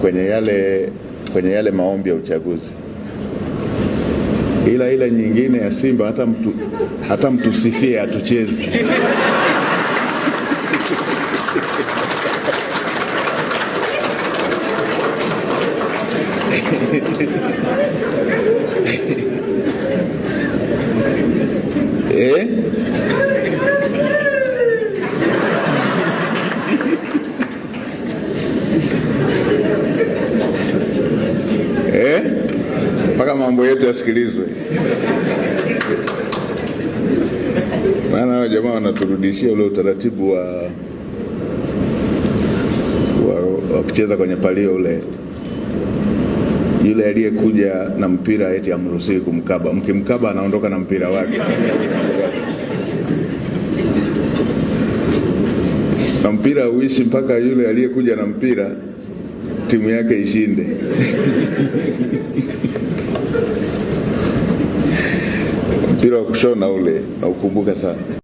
kwenye yale, kwenye yale maombi ya uchaguzi, ila ile nyingine ya Simba hata, mtu, hata mtusifie hatuchezi eh? mambo yetu yasikilizwe. Maana hao jamaa wanaturudishia ule utaratibu wa, wa, wa kucheza kwenye palio ule yule aliyekuja na mpira eti amruhusiwi kumkaba, mkimkaba anaondoka na mpira wake na mpira uishi mpaka yule aliyekuja na mpira timu yake ishinde. mpira wa kushona ule naukumbuka sana.